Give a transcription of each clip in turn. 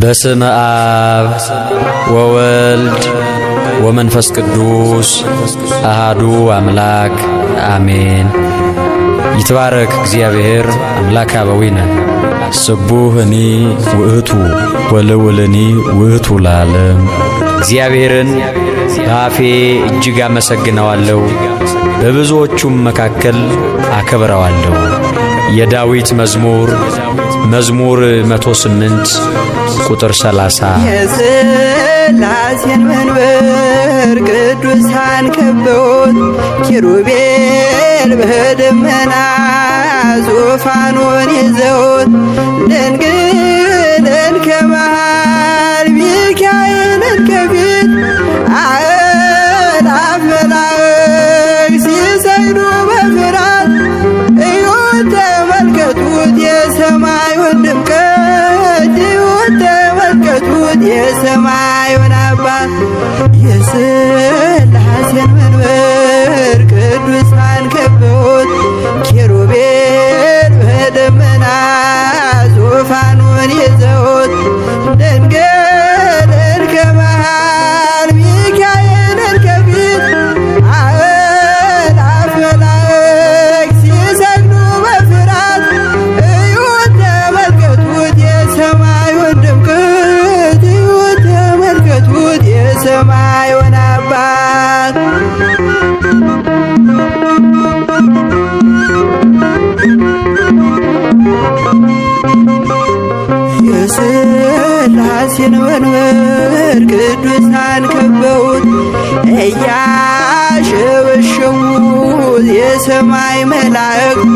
በስመ አብ ወወልድ ወመንፈስ ቅዱስ አሃዱ አምላክ አሜን። ይትባረክ እግዚአብሔር አምላከ አበዊነ ስቡህኒ ውእቱ ወልውልኒ ውእቱ ለዓለም። እግዚአብሔርን በአፌ እጅግ አመሰግነዋለሁ፣ በብዙዎቹም መካከል አከብረዋለሁ። የዳዊት መዝሙር መዝሙር 108 ቁጥር 30 የሥላሴን መንበር ቅዱሳን ከበውት ኪሩቤል በደመና ዙፋኑን ይዘውት ደንግለን ከማ የሥላሴን መንበር ቅዱሳ እያሸበሸቡት የሰማይ መላእክት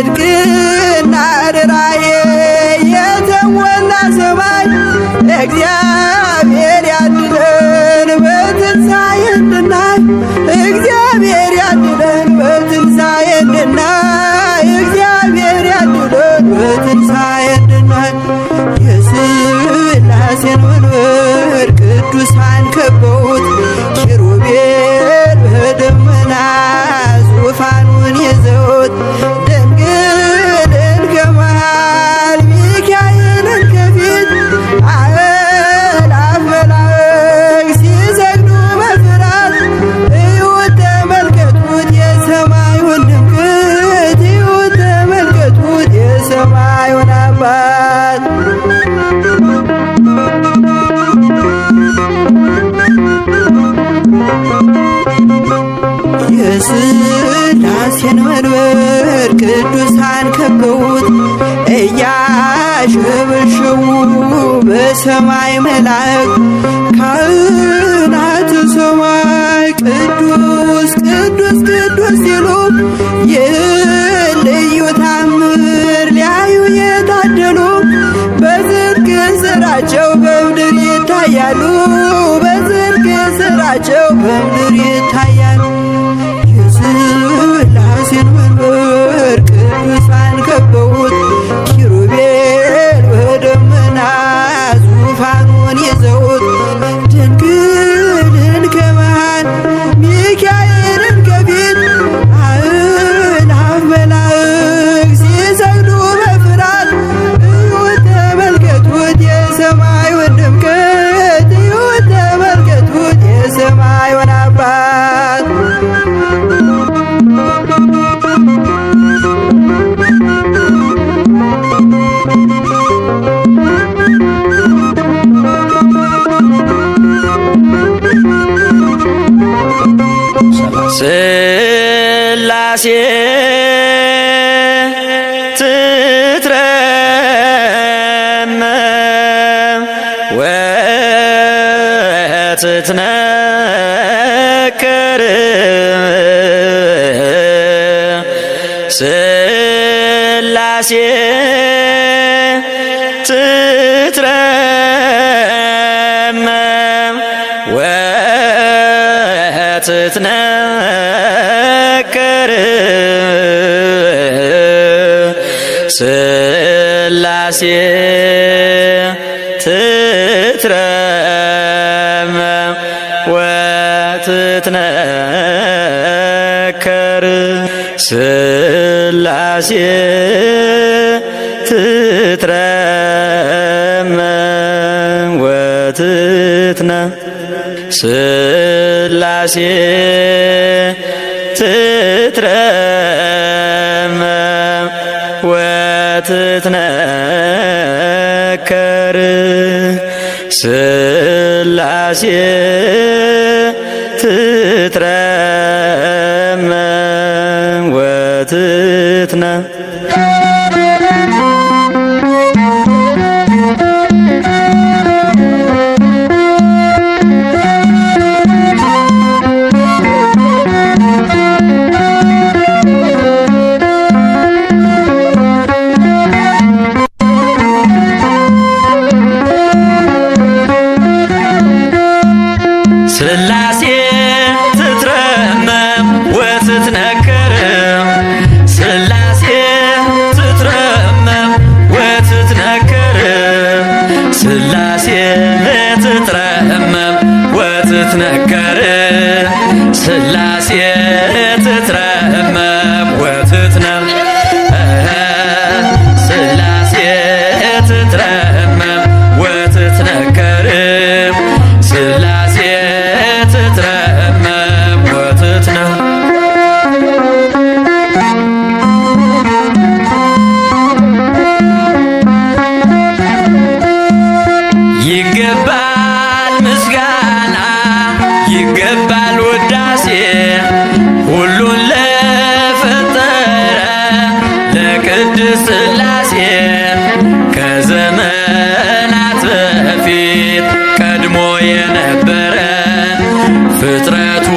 ጽድቅና ርራዬ የተወና ሰማይ እግዚአብሔር ያድነው ቅዱስ ሲሉ የልዩ ታምር ሊያዩ የታደሉ በዝርግ ስራቸው በምድር ይታያሉ። በዝርግ ስራቸው በምድር ይታያሉ። yeah. ስላሴ ትትረመ ወትትነከር ስላሴ ትትረመ ወትትነ ስላሴ ስትነከር ስላሴ ፍጥረቱ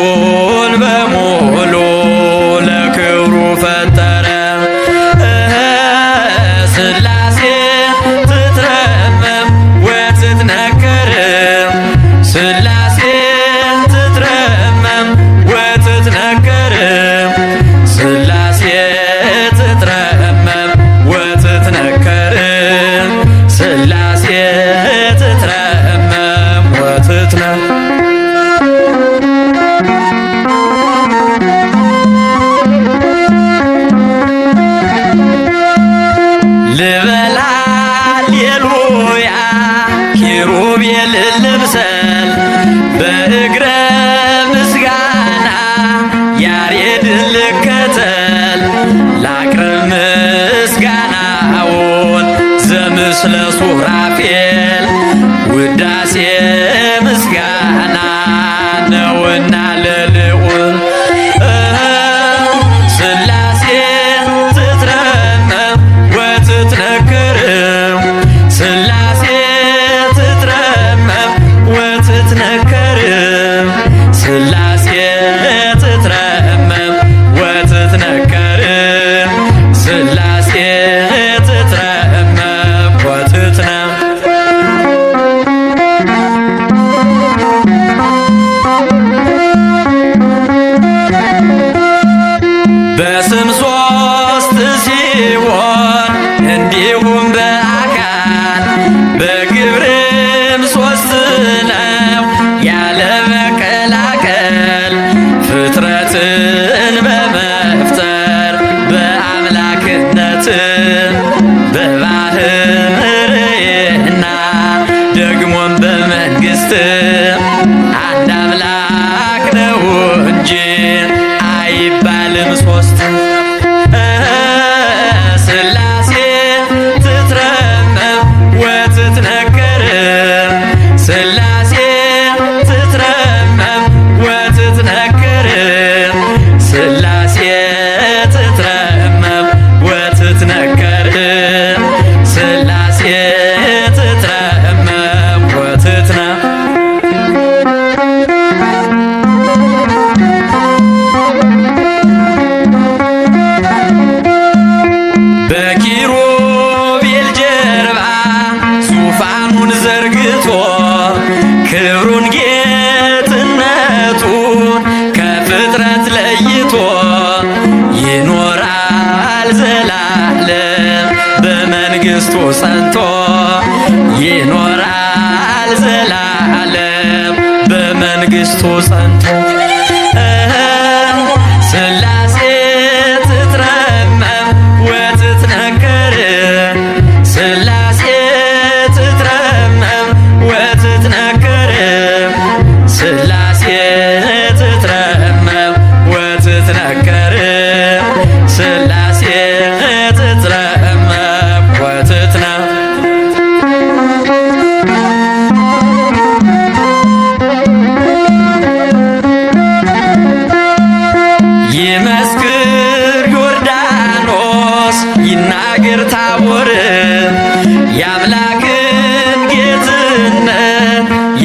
ሶስት ሲሆን እንዲሁም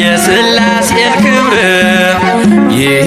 የስላሴ ክብር ይህ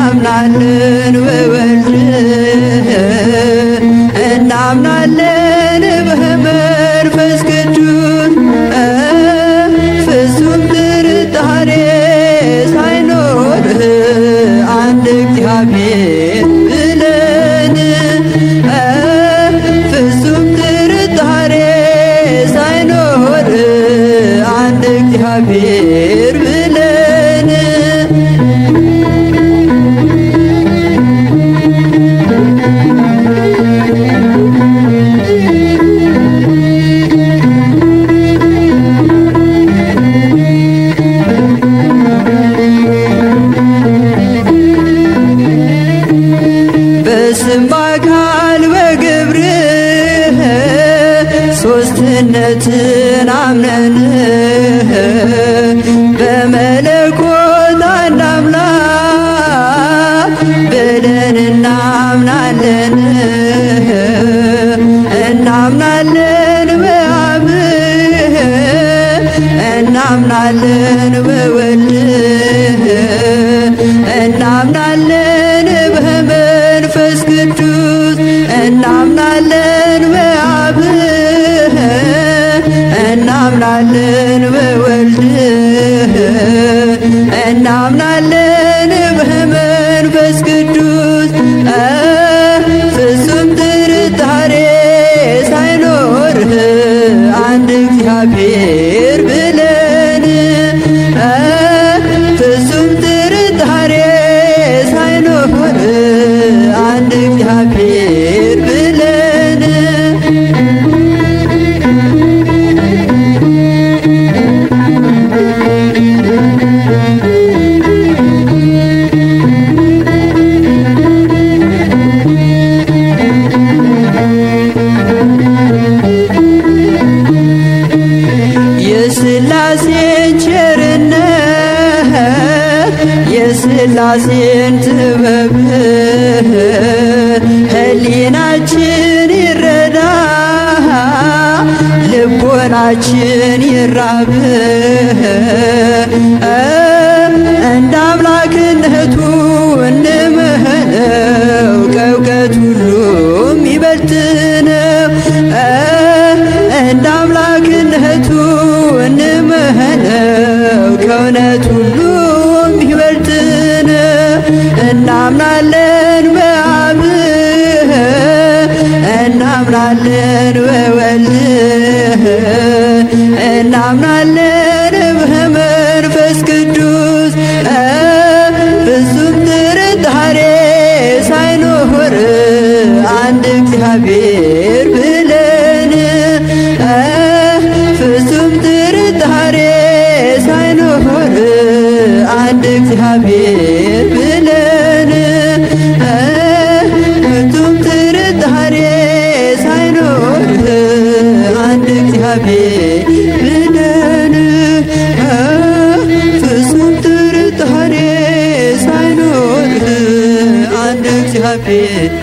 እናምናለን በወልድ እግዚአብሔር የሥላሴን ጥበብ ሕሊናችን ይረዳ ልቦናችን ይራብ እንደ አምላክነቱ እንምህነው ከእውቀት ሁሉ የሚበልጥነው እንደ አምላክነቱ እንምህነው ከእውነቱ አንድ እግዚአብሔር ብለን እቱም ጥርጣሬ ሳይኖር አንድ እግዚአብሔር ብለን ፍጹም ጥርጣሬ ሳይኖር አንድ እግዚአብሔር